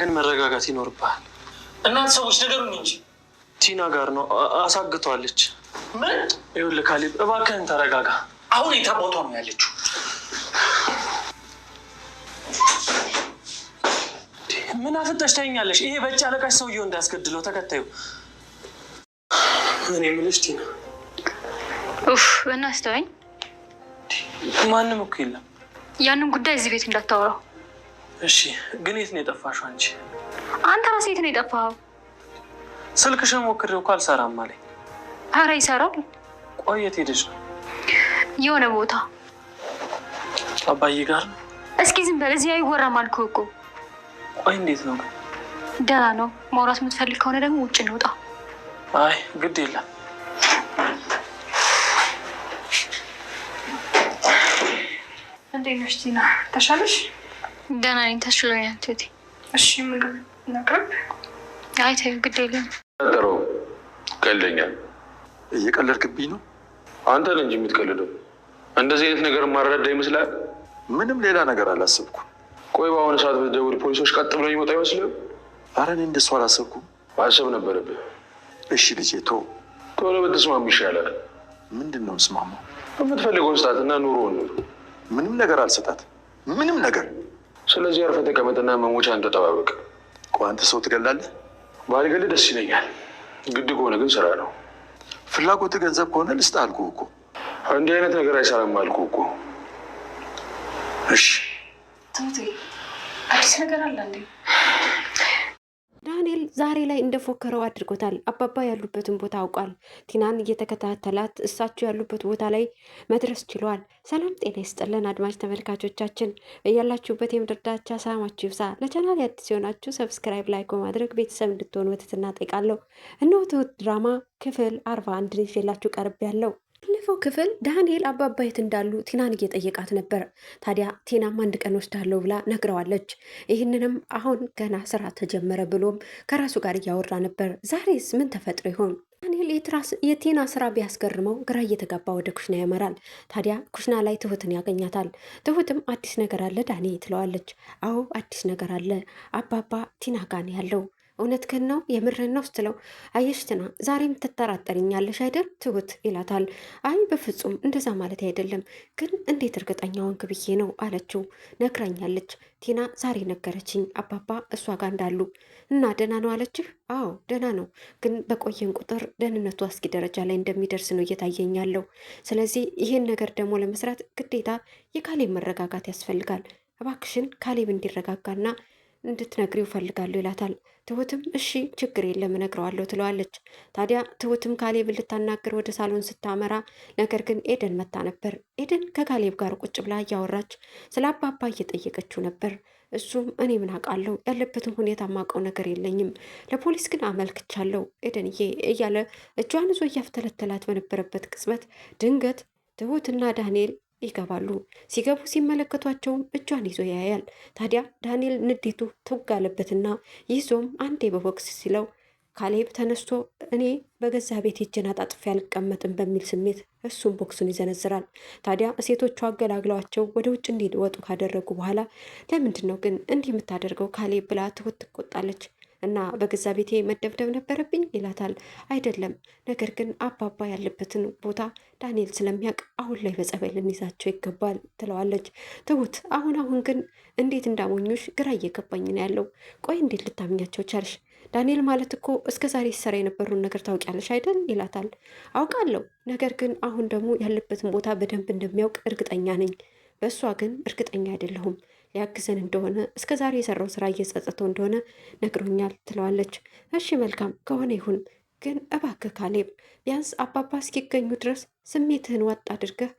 ግን መረጋጋት ይኖርብሃል። እናንተ ሰዎች ነገሩን እንጂ ቲና ጋር ነው አሳግቷለች። ምን? ይኸውልህ ካሌብ እባክህን ተረጋጋ። አሁን የታ ቦታ ነው ያለችው? ምን አፍጠሽ ታይኛለሽ? ይሄ በጭ አለቃሽ ሰውየው እንዳያስገድለው ተከታዩ። እኔ የምልሽ ቲና፣ ኡፍ ማንም እኮ የለም። ያንን ጉዳይ እዚህ ቤት እንዳታወራው እሺ ግን የት ነው የጠፋሽው? አንቺ አንተ ራስህ የት ነው የጠፋኸው? ስልክሽን ሞክሬው እኮ አልሰራም አለኝ። አረ ይሰራል። ቆይ የት ሄደሽ ነው? የሆነ ቦታ አባዬ ጋር። እስኪ ዝም በል እዚህ አይወራም አልኩህ እኮ። ቆይ እንዴት ነው ደህና ነው። ማውራት የምትፈልግ ከሆነ ደግሞ ውጭ እንውጣ። አይ ግድ የለም እንዴት ነሽ ቲና? ተሻለሽ? ደህና ነኝ፣ ተችሎኛል። ትቴ እሺ፣ ምግብ እናቅርብ? አይ ተይው፣ ግድ የለም። ጠሮ ቀልደኛል። እየቀለድክብኝ ነው። አንተ ነህ እንጂ የምትቀልደው። እንደዚህ አይነት ነገር ማረዳ ይመስላል። ምንም ሌላ ነገር አላሰብኩም። ቆይ በአሁኑ ሰዓት በደውል ፖሊሶች ቀጥ ብለው ይመጣ ይመስልም? አረ እኔ እንደሱ አላሰብኩም። ማሰብ ነበረብህ። እሺ ልጄ፣ ቶ ቶሎ ብትስማሙ ይሻላል። ምንድን ነው ስማማ? የምትፈልገውን ስጣትና ኑሮውን ኑሩ። ምንም ነገር አልሰጣት? ምንም ነገር ስለዚህ አርፈ ተቀመጥና መሞቻ እንተጠባበቅ። ቆይ አንተ ሰው ትገላለህ? ባልገልህ ደስ ይለኛል። ግድ ከሆነ ግን ስራ ነው። ፍላጎት ገንዘብ ከሆነ ልስጥ አልኩህ እኮ። እንዲህ አይነት ነገር አይሰራም አልኩህ እኮ። እሺ ትሁቴ፣ አዲስ ነገር አለ እንዴ? ዳንኤል ዛሬ ላይ እንደፎከረው አድርጎታል። አባባ ያሉበትን ቦታ አውቋል። ቲናን እየተከታተላት እሳቸው ያሉበት ቦታ ላይ መድረስ ችሏል። ሰላም ጤና ይስጥልን አድማጭ ተመልካቾቻችን እያላችሁበት የምድር ዳርቻ ሰላማችሁ ይብዛ። ለቻናል አዲስ የሆናችሁ ሰብስክራይብ፣ ላይክ በማድረግ ቤተሰብ እንድትሆኑ በትህትና እጠይቃለሁ። እነ ትሁት ድራማ ክፍል አርባ አንድ ይዤላችሁ ቀርብ ያለው ባለፈው ክፍል ዳንኤል የት እንዳሉ ቲናን እየጠየቃት ነበር። ታዲያ ቲናም አንድ ቀን ወስዳለሁ ብላ ነግረዋለች። ይህንንም አሁን ገና ስራ ተጀመረ ብሎም ከራሱ ጋር እያወራ ነበር። ዛሬስ ምን ተፈጥሮ ይሆን? ዳንኤል የቴና ስራ ቢያስገርመው ግራ እየተጋባ ወደ ኩሽና ያመራል። ታዲያ ኩሽና ላይ ትሁትን ያገኛታል። ትሁትም አዲስ ነገር አለ ዳኒ ትለዋለች። አዎ አዲስ ነገር አለ አባባ ቲና ጋን ያለው እውነትህን ነው የምርህን ነው ስትለው፣ አየሽትና ዛሬም ትጠራጠርኛለሽ አይደል ትሁት ይላታል። አይ በፍጹም እንደዛ ማለት አይደለም፣ ግን እንዴት እርግጠኛ ግብዬ ብዬ ነው አለችው። ነግራኛለች ቲና ዛሬ ነገረችኝ። አባባ እሷ ጋር እንዳሉ እና ደህና ነው አለችህ? አዎ ደህና ነው፣ ግን በቆየን ቁጥር ደህንነቱ አስጊ ደረጃ ላይ እንደሚደርስ ነው እየታየኝ ስለዚህ ይህን ነገር ደግሞ ለመስራት ግዴታ የካሌብ መረጋጋት ያስፈልጋል። እባክሽን ካሌብ እንዲረጋጋና እንድትነግሪው እፈልጋለሁ ይላታል። ትሁትም እሺ ችግር የለም እነግረዋለሁ ትለዋለች። ታዲያ ትሁትም ካሌብን ልታናገር ወደ ሳሎን ስታመራ ነገር ግን ኤደን መታ ነበር። ኤደን ከካሌብ ጋር ቁጭ ብላ እያወራች ስለ አባባ እየጠየቀችው ነበር። እሱም እኔ ምን አውቃለሁ ያለበትን ሁኔታ ማውቀው ነገር የለኝም፣ ለፖሊስ ግን አመልክቻለሁ ኤደንዬ እያለ እጇን ይዞ እያፍተለተላት በነበረበት ቅጽበት ድንገት ትሁትና ዳንኤል ይገባሉ። ሲገቡ ሲመለከቷቸውም እጇን ይዞ ያያል። ታዲያ ዳንኤል ንዴቱ ተጋለበትና ይዞም አንዴ በቦክስ ሲለው ካሌብ ተነስቶ እኔ በገዛ ቤት እጄን አጣጥፌ አልቀመጥም በሚል ስሜት እሱም ቦክሱን ይዘነዝራል። ታዲያ ሴቶቹ አገላግለዋቸው ወደ ውጭ እንዲወጡ ካደረጉ በኋላ ለምንድን ነው ግን እንዲህ የምታደርገው ካሌብ ብላ ትሁት ትቆጣለች። እና በገዛ ቤቴ መደብደብ ነበረብኝ ይላታል። አይደለም፣ ነገር ግን አባባ ያለበትን ቦታ ዳንኤል ስለሚያውቅ አሁን ላይ በጸባይ ልንይዛቸው ይገባል ትለዋለች። ትሁት አሁን አሁን ግን እንዴት እንዳሞኙሽ ግራ እየገባኝ ነው ያለው። ቆይ እንዴት ልታምኛቸው ቻልሽ? ዳንኤል ማለት እኮ እስከ ዛሬ ሲሰራ የነበረውን ነገር ታውቂያለሽ አይደል? ይላታል። አውቃለሁ፣ ነገር ግን አሁን ደግሞ ያለበትን ቦታ በደንብ እንደሚያውቅ እርግጠኛ ነኝ። በእሷ ግን እርግጠኛ አይደለሁም። ያግዘን እንደሆነ እስከ ዛሬ የሰራው ስራ እየጸጸተው እንደሆነ ነግሮኛል ትለዋለች። እሺ መልካም ከሆነ ይሁን፣ ግን እባክህ ካሌብ ቢያንስ አባባ እስኪገኙ ድረስ ስሜትህን ወጥ አድርገህ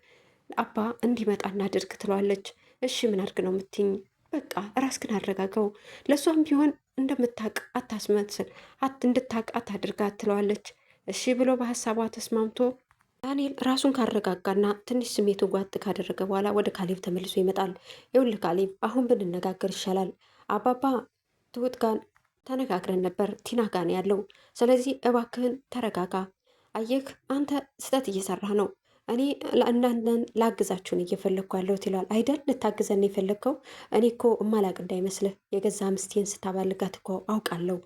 አባ እንዲመጣ እናድርግ ትለዋለች። እሺ ምን አድርግ ነው የምትይኝ? በቃ ራስክን አረጋገው። ለእሷም ቢሆን እንደምታቅ አታስመስል፣ እንድታቅ አታድርጋ ትለዋለች። እሺ ብሎ በሀሳቧ ተስማምቶ ዳንኤል ራሱን ካረጋጋና ትንሽ ስሜቱ ጓት ካደረገ በኋላ ወደ ካሌብ ተመልሶ ይመጣል። ይኸውልህ ካሌብ፣ አሁን ብንነጋገር ይሻላል። አባባ ትሁት ጋን ተነጋግረን ነበር፣ ቲና ጋን ያለው። ስለዚህ እባክህን ተረጋጋ። አየህ፣ አንተ ስህተት እየሰራህ ነው። እኔ ለእናንተን ላግዛችሁን እየፈለግኩ ያለሁት ይለዋል። አይደል ልታግዘን የፈለግከው? እኔ እኮ እማላቅ እንዳይመስልህ የገዛ ምስቴን ስታባልጋት እኮ አውቃለሁ።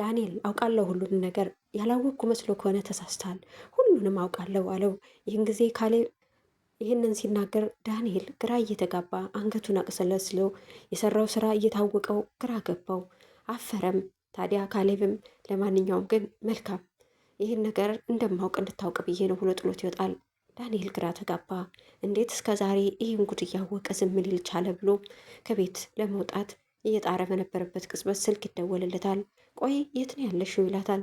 ዳንኤል አውቃለሁ ሁሉን ነገር ያላወቅኩ መስሎ ከሆነ ተሳስታል፣ ሁሉንም አውቃለሁ አለው። ይህን ጊዜ ካሌ ይህንን ሲናገር ዳንኤል ግራ እየተጋባ አንገቱን አቅሰለስለው የሰራው ስራ እየታወቀው ግራ ገባው፣ አፈረም። ታዲያ ካሌብም ለማንኛውም ግን መልካም ይህን ነገር እንደማውቅ እንድታውቅ ብዬ ነው ብሎ ጥሎት ይወጣል። ዳንኤል ግራ ተጋባ። እንዴት እስከ ዛሬ ይህን ጉድ እያወቀ ዝም ሊል ቻለ ብሎ ከቤት ለመውጣት እየጣረ በነበረበት ቅጽበት ስልክ ይደወልለታል። ቆይ የት ነው ያለሽው ይላታል።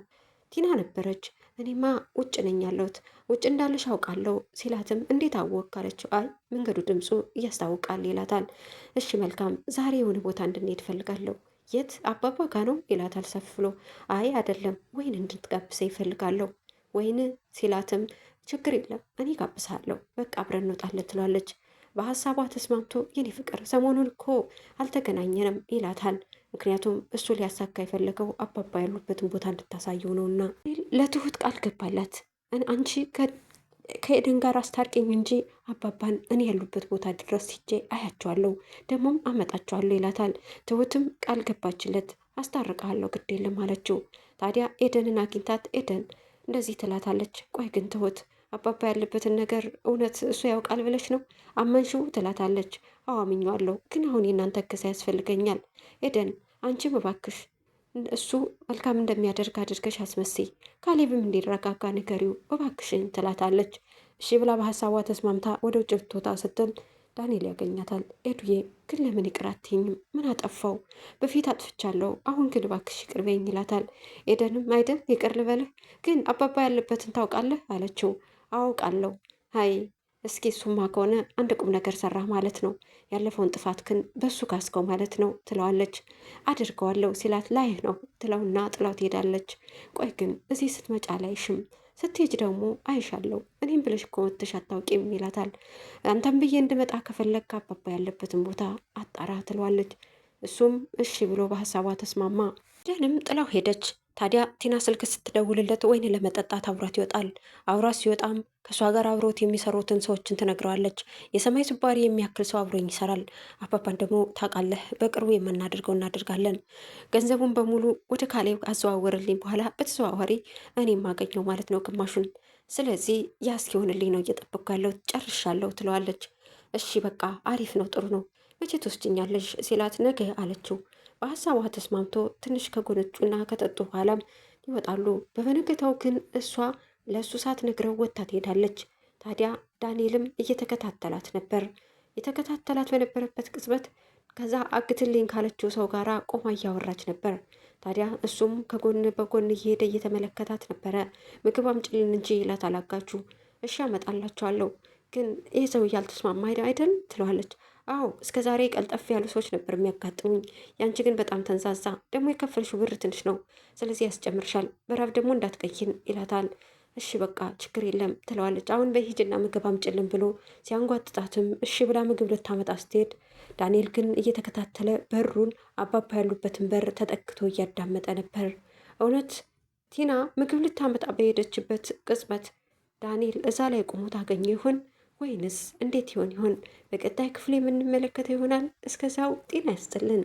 ቲና ነበረች። እኔማ ውጭ ነኝ ያለሁት ውጭ እንዳለሽ አውቃለሁ ሲላትም እንዴት አወቅ አለችው። አይ መንገዱ ድምፁ እያስታውቃል ይላታል። እሺ መልካም፣ ዛሬ የሆነ ቦታ እንድንሄድ እፈልጋለሁ። የት አባባ ጋ ነው ይላታል ሰፍሎ አይ አይደለም፣ ወይን እንድትጋብሰ ይፈልጋለሁ። ወይን ሲላትም ችግር የለም እኔ ጋብሳለሁ፣ በቃ አብረን እንወጣለን ትሏለች። በሀሳቧ ተስማምቶ የኔ ፍቅር ሰሞኑን እኮ አልተገናኘንም ይላታል። ምክንያቱም እሱ ሊያሳካ የፈለገው አባባ ያሉበትን ቦታ እንድታሳየው ነውና ለትሁት ቃል ገባላት። አንቺ ከኤደን ጋር አስታርቂኝ እንጂ አባባን እኔ ያሉበት ቦታ ድረስ ሂጄ አያቸዋለሁ፣ ደግሞም አመጣቸዋለሁ ይላታል። ትሁትም ቃል ገባችለት። አስታርቃለሁ ግድ የለም አለችው። ታዲያ ኤደንን አግኝታት ኤደን እንደዚህ ትላታለች። ቆይ ግን ትሁት አባባ ያለበትን ነገር እውነት እሱ ያውቃል ብለች ነው አመንሽው? ትላታለች። አዎ ግን አሁን የእናንተ እገዛ ያስፈልገኛል። ኤደን አንቺም እባክሽ እሱ መልካም እንደሚያደርግ አድርገሽ አስመስይ፣ ካሌብም እንዲረጋጋ ንገሪው እባክሽን ትላታለች። እሺ ብላ በሀሳቧ ተስማምታ ወደ ውጭ ብትወጣ ስትል ዳንኤል ያገኛታል። ኤዱዬ ግን ለምን ይቅር አትይኝም? ምን አጠፋው? በፊት አጥፍቻለሁ፣ አሁን ግን እባክሽ ይቅር በይኝ ይላታል። ኤደንም አይደል ይቅር ልበልህ፣ ግን አባባ ያለበትን ታውቃለህ አለችው። አውቃለሁ። አይ እስኪ እሱማ ከሆነ አንድ ቁም ነገር ሰራህ ማለት ነው። ያለፈውን ጥፋት ግን በእሱ ካስከው ማለት ነው ትለዋለች። አድርገዋለሁ ሲላት ላይህ ነው ትለውና ጥላው ትሄዳለች። ቆይ ግን እዚህ ስትመጫ ሽም ስትሄጅ ደግሞ አይሻለሁ እኔም ብለሽ ከወጥሽ አታውቂም ይላታል። አንተም ብዬ እንድመጣ ከፈለግ አባባ ያለበትን ቦታ አጣራ ትለዋለች። እሱም እሺ ብሎ በሀሳቧ ተስማማ። ደንም ጥላው ሄደች። ታዲያ ቲና ስልክ ስትደውልለት ወይን ለመጠጣት አብሯት ይወጣል። አብሯት ሲወጣም ከእሷ ጋር አብሮት የሚሰሩትን ሰዎችን ትነግረዋለች። የሰማይ ስባሪ የሚያክል ሰው አብሮኝ ይሰራል። አባባን ደግሞ ታውቃለህ፣ በቅርቡ የምናደርገው እናደርጋለን። ገንዘቡን በሙሉ ወደ ካሌብ አዘዋወርልኝ፣ በኋላ በተዘዋዋሪ እኔ የማገኘው ማለት ነው ግማሹን። ስለዚህ ያ እስኪሆንልኝ ነው እየጠበቅኩ ያለሁት፣ ጨርሻለሁ ትለዋለች። እሺ በቃ አሪፍ ነው፣ ጥሩ ነው፣ መቼ ትወስጂኛለሽ ሲላት ነገ አለችው። በሀሳቧ ተስማምቶ ትንሽ ከጎነጩና ከጠጡ በኋላም ይወጣሉ። በበነገታው ግን እሷ ለእሱ ሳትነግረው ወጥታ ትሄዳለች። ታዲያ ዳንኤልም እየተከታተላት ነበር። የተከታተላት በነበረበት ቅጽበት ከዛ አግትልኝ ካለችው ሰው ጋር ቆማ እያወራች ነበር። ታዲያ እሱም ከጎን በጎን እየሄደ እየተመለከታት ነበረ። ምግብ አምጪልን እንጂ ይላት አላጋችሁ እሺ አመጣላችኋለሁ፣ ግን ይህ ሰው እያልተስማማ አይደል ትለዋለች። አዎ እስከ ዛሬ ቀልጠፍ ያሉ ሰዎች ነበር የሚያጋጥሙኝ። ያንቺ ግን በጣም ተንዛዛ። ደግሞ የከፈልሽው ብር ትንሽ ነው፣ ስለዚህ ያስጨምርሻል። በራብ ደግሞ እንዳትቀይን ይላታል። እሺ በቃ ችግር የለም ትለዋለች። አሁን በሂጅና ምግብ አምጭልን ብሎ ሲያንጓጥጣትም እሺ ብላ ምግብ ልታመጣ ስትሄድ ዳንኤል ግን እየተከታተለ በሩን አባባ ያሉበትን በር ተጠግቶ እያዳመጠ ነበር። እውነት ቲና ምግብ ልታመጣ በሄደችበት ቅጽበት ዳንኤል እዛ ላይ ቆሞ ታገኘ ይሆን? ወይንስ እንዴት ይሆን ይሆን? በቀጣይ ክፍል የምንመለከተው ይሆናል። እስከዛው ጤና ያስጥልን።